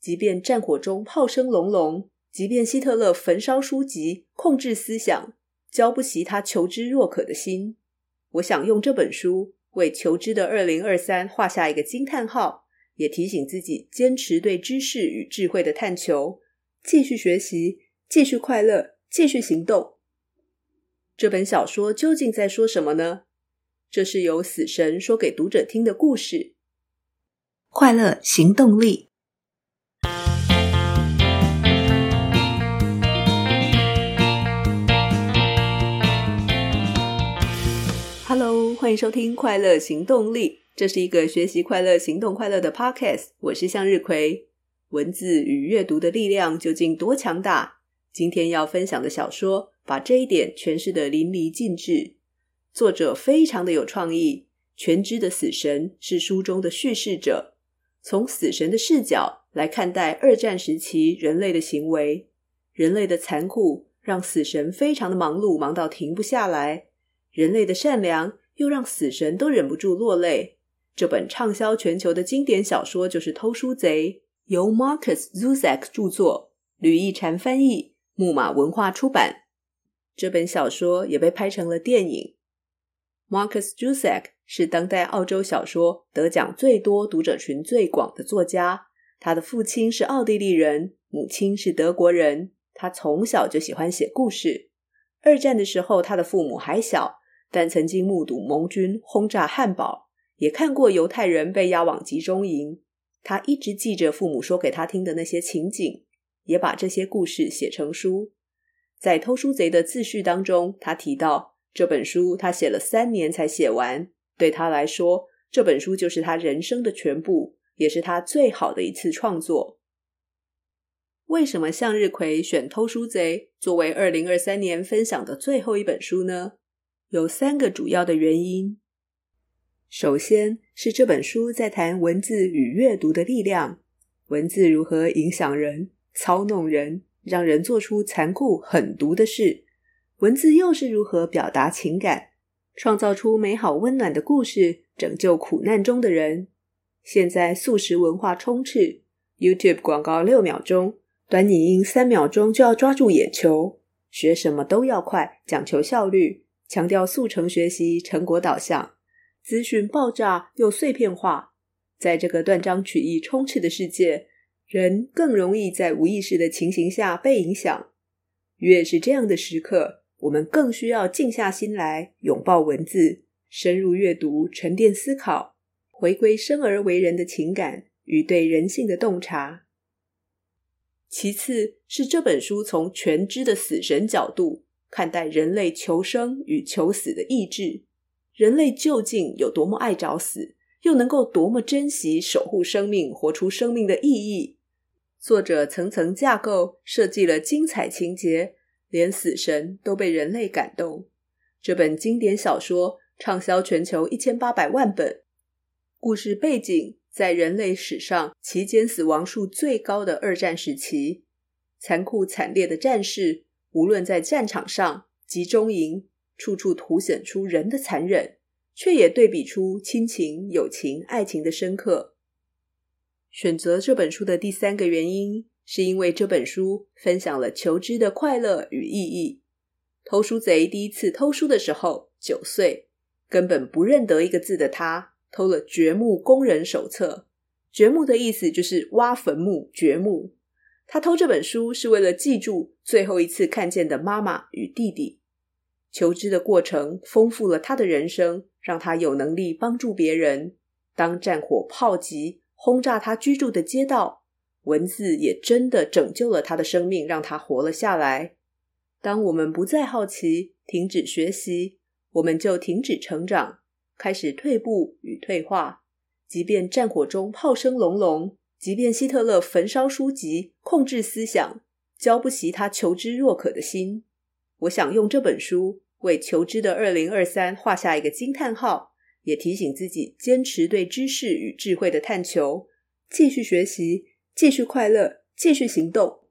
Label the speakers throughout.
Speaker 1: 即便戰火中炮聲隆隆，即便希特勒焚燒書籍、控制思想，澆不熄他求知若渴的心。我想用這本書為求知的二零二三畫下一個驚嘆號，也提醒自己堅持對知識與智慧的探求，繼續學習，繼續快樂，繼續行動。這本小說究竟在說什麼呢？這是由死神說給讀者聽的故事。快樂行動力。歡迎收聽《快樂行動力》，這是一個學習快樂、行動快樂的 podcast。我是向日葵。文字與閱讀的力量究竟多強大？今天要分享的小說把這一點詮釋得淋漓盡致。作者非常的有創意。全知的死神是書中的敘事者，從死神的視角來看待二戰時期人類的行為。人類的殘酷讓死神非常的忙碌，忙到停不下來。人類的善良。又讓死神都忍不住落淚。這本暢銷全球的經典小說就是《偷書賊》，由 Marcus Zusak 著作，呂玉嬋翻譯，木馬文化出版。這本小說也被拍成了電影。Marcus Zusak 是當代澳洲小說得獎最多、讀者群最廣的作家。他的父親是奧地利人，母親是德國人。他從小就喜歡寫故事。二戰的時候，他的父母還小。但曾經目睹盟軍轟炸漢堡，也看過猶太人被押往集中營。他一直記着父母說給他聽的那些情景，也把這些故事寫成書。在《偷書賊》的自序當中，他提到這本書他寫了三年才寫完。對他來說，這本書就是他人生的全部，也是他最好的一次創作。為什麼向日葵選《偷書賊》作為二零二三年分享的最後一本書呢？有三個主要的原因。首先是這本書在談文字與閱讀的力量，文字如何影響人、操弄人，讓人做出殘酷狠毒的事；文字又是如何表達情感，創造出美好溫暖的故事，拯救苦難中的人。現在速食文化充斥，YouTube 廣告六秒鐘，短影音三秒鐘就要抓住眼球，學什麼都要快，講求效率。強調速成學習、成果導向，資訊爆炸又碎片化，在這個斷章取義充斥的世界，人更容易在無意識的情形下被影響。越是這樣的時刻，我們更需要靜下心來，擁抱文字，深入閱讀，沉澱思考，回歸生而為人的情感與對人性的洞察。其次，是這本書從全知的死神角度。看待人類求生與求死的意志，人類究竟有多麼愛找死，又能夠多麼珍惜守護生命、活出生命的意義？作者層層架構，設計了精彩情節，連死神都被人類感動。這本經典小說暢銷全球一千八百萬本。故事背景在人類史上期間死亡數最高的二戰時期，殘酷慘烈的戰事。無論在戰場上、集中營，處處凸顯出人的殘忍，卻也對比出親情、友情、愛情的深刻。選擇這本書的第三個原因，是因為這本書分享了求知的快樂與意義。偷書賊第一次偷書的時候，九歲，根本不認得一個字的他，偷了《掘墓工人手冊》。掘墓的意思就是挖墳墓，掘墓。他偷這本書是為了記住最後一次看見的媽媽與弟弟。求知的過程豐富了他的人生，讓他有能力幫助別人。當戰火炮擊轟炸他居住的街道，文字也真的拯救了他的生命，讓他活了下來。當我們不再好奇，停止學習，我們就停止成長，開始退步與退化。即便戰火中炮聲隆隆。即便希特勒焚燒書籍，控制思想，澆不熄他求知若渴的心。我想用這本書為求知的二零二三畫下一個驚嘆號，也提醒自己堅持對知識與智慧的探求，繼續學習，繼續快樂，繼續行動。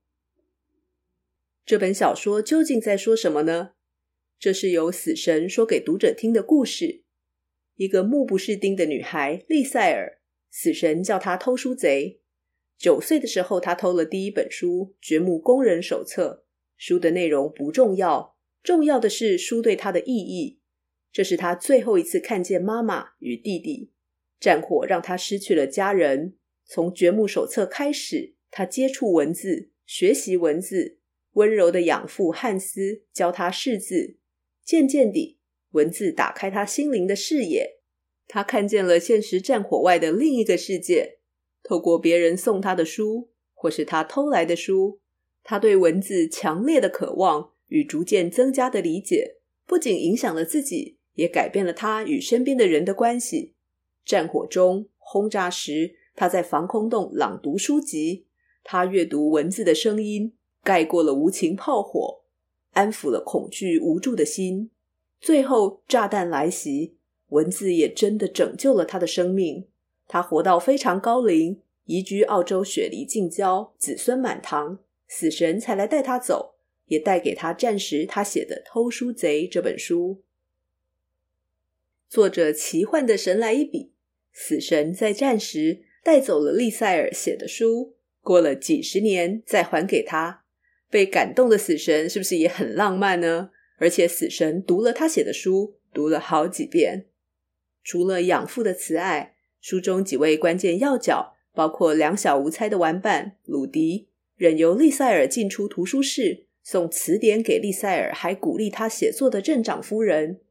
Speaker 1: 這本小說究竟在說什麼呢？這是由死神說給讀者聽的故事。一個目不識丁的女孩莉賽爾。死神叫他偷書賊。九歲的時候，他偷了第一本書《掘墓工人手冊》。書的內容不重要，重要的是書對他的意義。這是他最後一次看見媽媽與弟弟。戰火讓他失去了家人。從《掘墓手冊》開始，他接觸文字，學習文字，溫柔的養父漢斯教他識字，漸漸地，文字打開他心靈的視野。他看見了現實戰火外的另一個世界，透過別人送他的書，或是他偷來的書，他對文字強烈的渴望與逐漸增加的理解，不僅影響了自己，也改變了他與身邊的人的關係。戰火中轟炸時，他在防空洞朗讀書籍，他閱讀文字的聲音蓋過了無情炮火，安撫了恐懼無助的心。最後，炸彈來襲。文字也真的拯救了他的生命。他活到非常高齡，移居澳洲雪梨近郊，子孫滿堂，死神才來帶他走，也帶給他戰時他寫的《偷書賊》這本書。作者奇幻的神來一筆，死神在戰時帶走了莉賽爾寫的書，過了幾十年再還給他。被感動的死神是不是也很浪漫呢？而且死神讀了他寫的書，讀了好幾遍。除了養父的慈愛，書中幾位關鍵要角包括兩小無猜的玩伴魯迪、任由莉賽爾進出圖書室送詞典給莉賽爾，還鼓勵他寫作的鎮長夫人，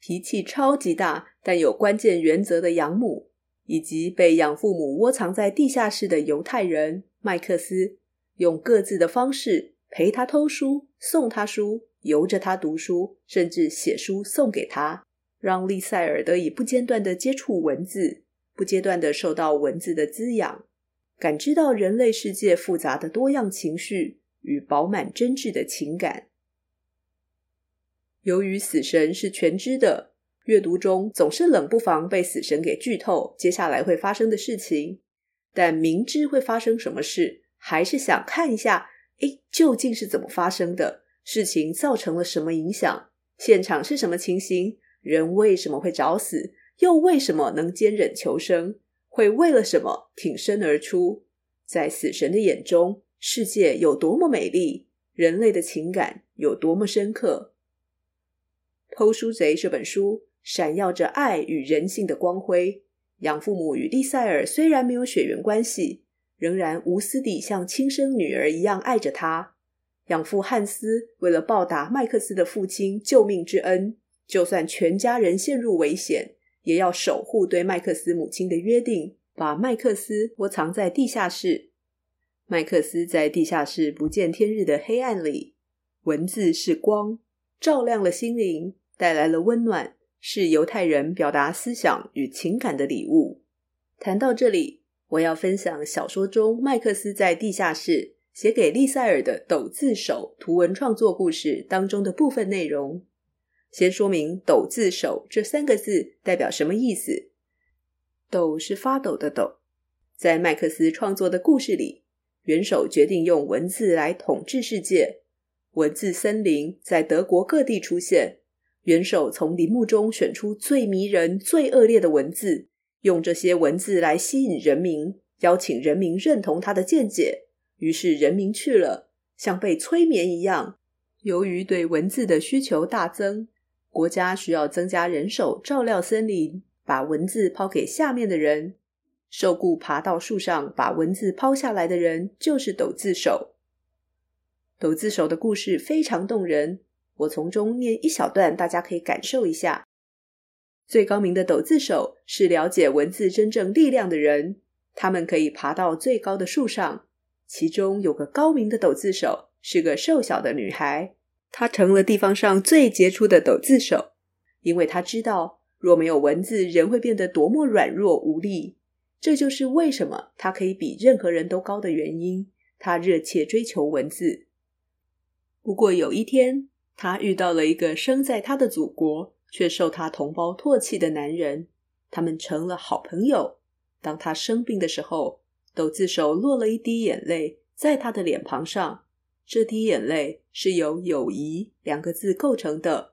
Speaker 1: 脾氣超級大但有關鍵原則的養母，以及被養父母窩藏在地下室的猶太人麥克斯，用各自的方式陪他偷書、送他書、由着他讀書，甚至寫書送給他。讓莉賽爾得以不間斷的接觸文字，不間斷的受到文字的滋養，感知到人類世界複雜的多樣情緒與飽滿真摯的情感。由於死神是全知的，閱讀中總是冷不防被死神給劇透接下來會發生的事情。但明知會發生什麼事，還是想看一下，哎，究竟是怎麼發生的？事情造成了什麼影響？現場是什麼情形？人為什麼會找死？又為什麼能堅忍求生？會為了什麼挺身而出？在死神的眼中，世界有多麼美麗？人類的情感有多麼深刻？《偷書賊》這本書閃耀着愛與人性的光輝。養父母與莉賽爾雖然沒有血緣關係，仍然無私地像親生女兒一樣愛着她。養父漢斯為了報答麥克斯的父親救命之恩。就算全家人陷入危險，也要守護對麥克斯母親的約定，把麥克斯窩藏在地下室。麥克斯在地下室不見天日的黑暗裡，文字是光，照亮了心靈，帶來了溫暖，是猶太人表達思想與情感的禮物。談到這裡，我要分享小說中麥克斯在地下室寫給莉賽爾的“抖字手”圖文創作故事當中的部分內容。先說明“抖字手”這三個字代表什麼意思。“抖”是發抖的“抖”。在麥克斯創作的故事裡，元首決定用文字來統治世界。文字森林在德國各地出現，元首從林木中選出最迷人、最惡劣的文字，用這些文字來吸引人民，邀請人民認同他的見解。於是人民去了，像被催眠一樣。由於對文字的需求大增。國家需要增加人手照料森林，把文字拋給下面的人。受僱爬到樹上把文字拋下來的人就是抖字手。抖字手的故事非常動人，我從中念一小段，大家可以感受一下。最高明的抖字手是了解文字真正力量的人，他們可以爬到最高的樹上。其中有個高明的抖字手是個瘦小的女孩。他成了地方上最傑出的抖字手，因為他知道若沒有文字，人會變得多麼軟弱無力。這就是為什麼他可以比任何人都高的原因。他熱切追求文字。不過有一天，他遇到了一個生在他的祖國卻受他同胞唾棄的男人，他們成了好朋友。當他生病的時候，抖字手落了一滴眼淚在他的臉龐上。這滴眼淚是由「友誼」兩個字構成的。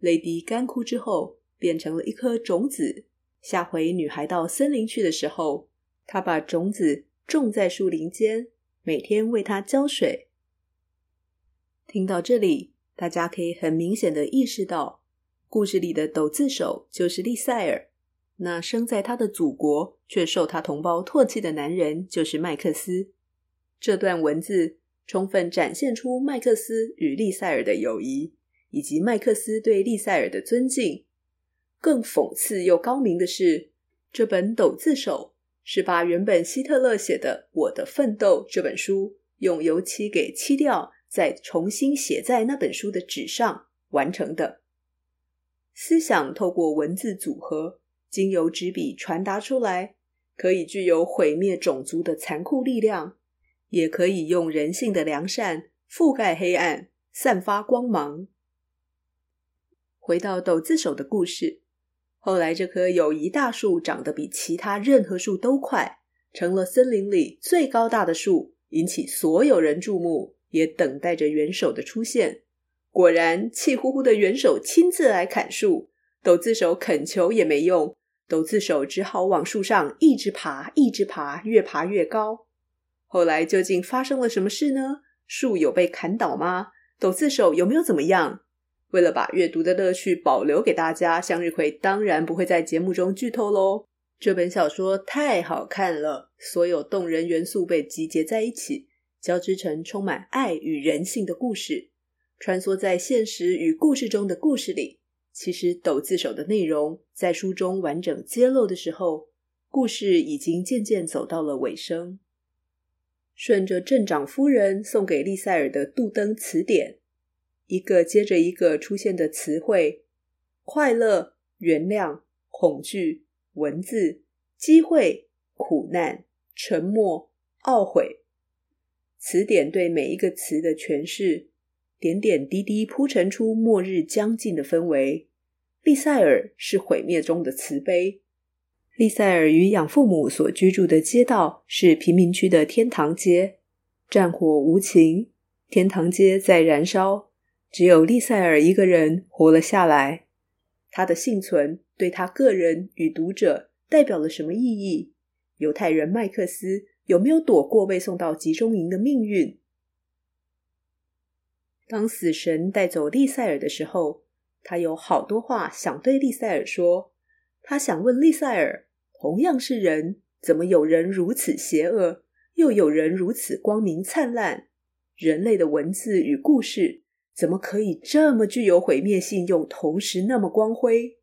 Speaker 1: 淚滴乾枯之後，變成了一顆種子。下回女孩到森林去的時候，她把種子種在樹林間，每天為它澆水。聽到這裡，大家可以很明顯的意識到，故事裡的抖字手就是莉賽爾。那生在他的祖國卻受他同胞唾棄的男人就是麥克斯。這段文字，充分展現出麥克斯與莉賽爾的友誼，以及麥克斯對莉賽爾的尊敬。更諷刺又高明的是，這本《抖字手》是把原本希特勒寫的《我的奮鬥》這本書用油漆給漆掉，再重新寫在那本書的紙上完成的。思想透過文字組合，經由紙筆傳達出來，可以具有毀滅種族的殘酷力量。也可以用人性的良善覆蓋黑暗，散發光芒。回到抖字手的故事，後來這棵友誼大樹長得比其他任何樹都快，成了森林裡最高大的樹，引起所有人注目，也等待着元首的出現。果然，氣呼呼的元首親自來砍樹，抖字手懇求也沒用，抖字手只好往樹上一直爬，一直爬，越爬越高。後來究竟發生了什麼事呢？樹有被砍倒嗎？抖字手有沒有怎麼樣？為了把閱讀的樂趣保留給大家，向日葵當然不會在節目中劇透嘍。這本小說太好看了，所有動人元素被集結在一起，交織成充滿愛與人性的故事，穿梭在現實與故事中的故事裡。其實抖字手的內容在書中完整揭露的時候，故事已經漸漸走到了尾聲。順着鎮長夫人送給莉賽爾的杜登詞典，一個接着一個出現的詞彙：快樂、原諒、恐懼、文字、機會、苦難、沉默、懊悔。詞典對每一個詞的詮釋，點點滴滴鋪陳出末日將近的氛圍。莉賽爾是毀滅中的慈悲。莉賽爾與養父母所居住的街道是貧民區的天堂街。戰火無情，天堂街在燃燒，只有莉賽爾一個人活了下來。他的幸存對他個人與讀者代表了什麼意義？猶太人麥克斯有沒有躲過被送到集中營的命運？當死神帶走莉賽爾的時候，他有好多話想對莉賽爾說，他想問莉賽爾。同樣是人，怎麼有人如此邪惡，又有人如此光明燦爛？人類的文字與故事，怎麼可以這麼具有毀滅性，又同時那麼光輝？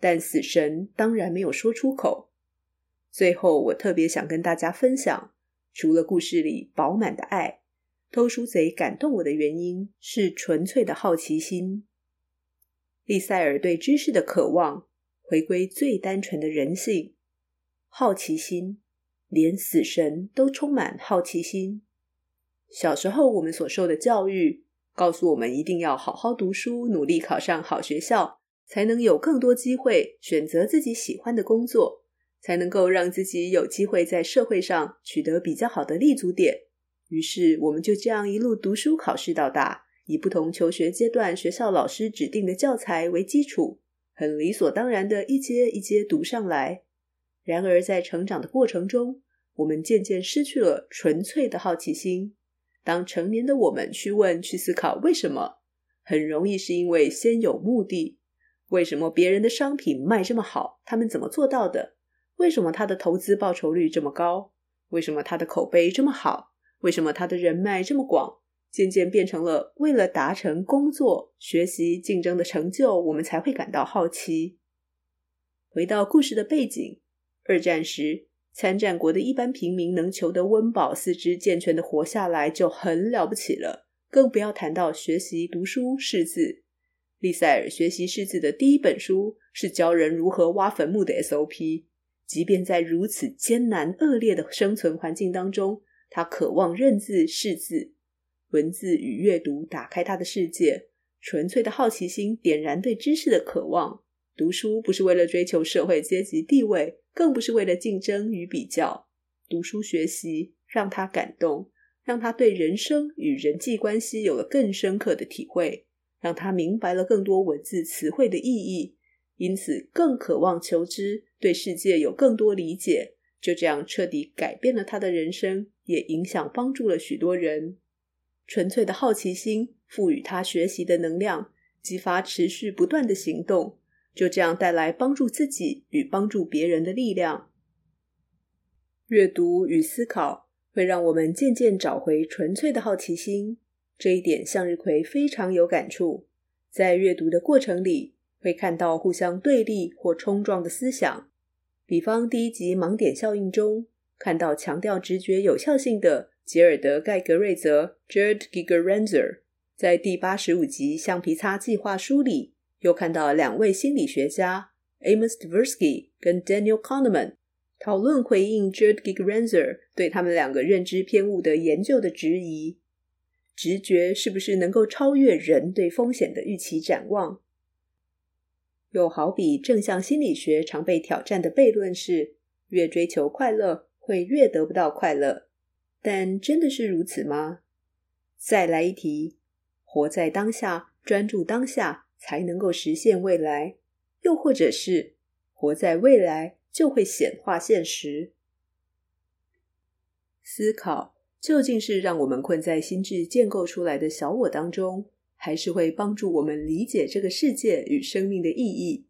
Speaker 1: 但死神當然沒有說出口。最後，我特別想跟大家分享，除了故事裡飽滿的愛，偷書賊感動我的原因是純粹的好奇心。莉賽爾對知識的渴望，回歸最單純的人性。好奇心，連死神都充滿好奇心。小時候，我們所受的教育告訴我們，一定要好好讀書，努力考上好學校，才能有更多機會選擇自己喜歡的工作，才能夠讓自己有機會在社會上取得比較好的立足點。於是，我們就這樣一路讀書考試到，到達，以不同求學階段學校老師指定的教材為基礎，很理所當然的一階一階讀上來。然而，在成長的過程中，我們漸漸失去了純粹的好奇心。當成年的我們去問、去思考“為什麼”，很容易是因為先有目的。為什麼別人的商品賣這麼好？他們怎麼做到的？為什麼他的投資報酬率這麼高？為什麼他的口碑這麼好？為什麼他的人脈這麼廣？漸漸變成了為了達成工作、學習、競爭的成就，我們才會感到好奇。回到故事的背景。二戰時，參戰國的一般平民能求得溫飽、四肢健全地活下來就很了不起了，更不要談到學習讀書識字。莉賽爾學習識字的第一本書是教人如何挖墳墓的 SOP。即便在如此艱難惡劣的生存環境當中，他渴望認字識字，文字與閱讀打開他的世界，純粹的好奇心點燃對知識的渴望。讀書不是為了追求社會階級地位。更不是為了競爭與比較，讀書學習讓他感動，讓他對人生與人際關係有了更深刻的體會，讓他明白了更多文字詞彙的意義，因此更渴望求知，對世界有更多理解。就這樣徹底改變了他的人生，也影響幫助了許多人。純粹的好奇心賦予他學習的能量，激發持續不斷的行動。就這樣帶來幫助自己與幫助別人的力量。閱讀與思考會讓我們漸漸找回純粹的好奇心，這一點向日葵非常有感觸。在閱讀的過程裡，會看到互相對立或衝撞的思想，比方第一集盲點效應中看到強調直覺有效性的吉爾德蓋格瑞澤 j e r d Gigerenzer），在第八十五集橡皮擦計劃書裡。又看到兩位心理學家 Amos Tversky 跟 Daniel Kahneman 討論回應 Gerd Gigerenzer 對他們兩個認知偏誤的研究的質疑：直覺是不是能夠超越人對風險的預期展望？又好比正向心理學常被挑戰的悖論是：越追求快樂，會越得不到快樂。但真的是如此嗎？再來一題：活在當下，專注當下。才能夠實現未來，又或者是活在未來，就會顯化現實。思考究竟是讓我們困在心智建構出來的小我當中，還是會幫助我們理解這個世界與生命的意義？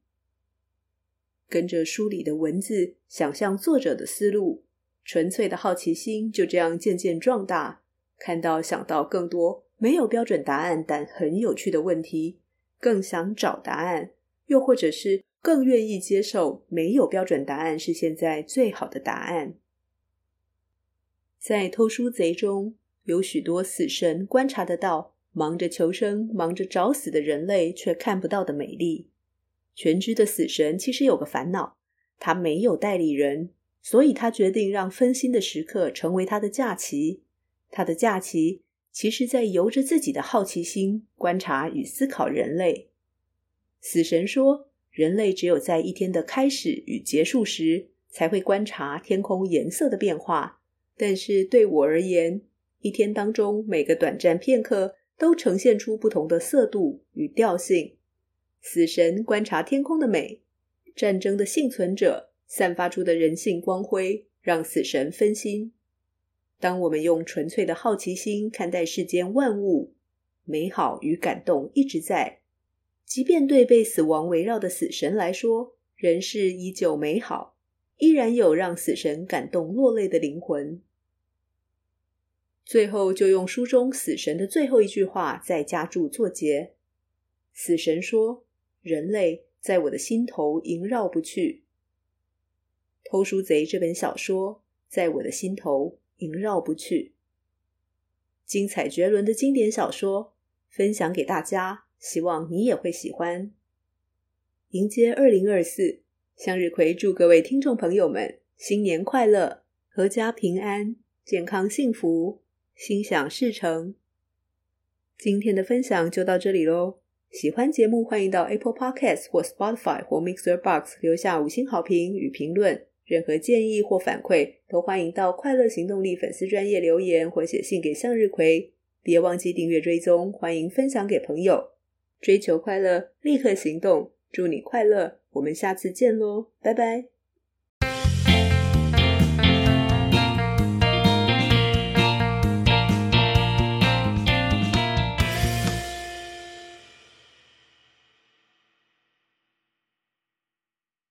Speaker 1: 跟着書裡的文字，想象作者的思路，純粹的好奇心就這樣漸漸壯大。看到想到更多沒有標準答案但很有趣的問題。更想找答案，又或者是更願意接受沒有標準答案是現在最好的答案。在偷書賊中有許多死神觀察得到，忙着求生、忙着找死的人類卻看不到的美麗。全知的死神其實有個煩惱，他沒有代理人，所以他決定讓分心的時刻成為他的假期。他的假期。其實在由着自己的好奇心觀察與思考人類。死神說：“人類只有在一天的開始與結束時，才會觀察天空顏色的變化，但是對我而言，一天當中每個短暫片刻都呈現出不同的色度與調性。”死神觀察天空的美，戰爭的幸存者散發出的人性光輝，讓死神分心。當我們用純粹的好奇心看待世間萬物，美好與感動一直在。即便對被死亡圍繞的死神來說，人世依舊美好，依然有讓死神感動落淚的靈魂。最後，就用書中死神的最後一句話再加注作結：“死神說，人類在我的心頭縈繞不去。”《偷書賊》這本小說在我的心頭。縈繞不去，精彩絕倫的經典小說分享給大家，希望你也會喜歡。迎接二零二四，向日葵祝各位聽眾朋友們新年快樂，闔家平安，健康幸福，心想事成。今天的分享就到這裡嘍，喜歡節目歡迎到 Apple Podcast 或 Spotify 或 MixerBox 留下五星好評與評論。任何建議或反饋都歡迎到快樂行動力粉絲專頁留言或寫信給向日葵。別忘記訂閱追蹤，歡迎分享給朋友。追求快樂，立刻行動。祝你快樂，我們下次見嘍，拜拜。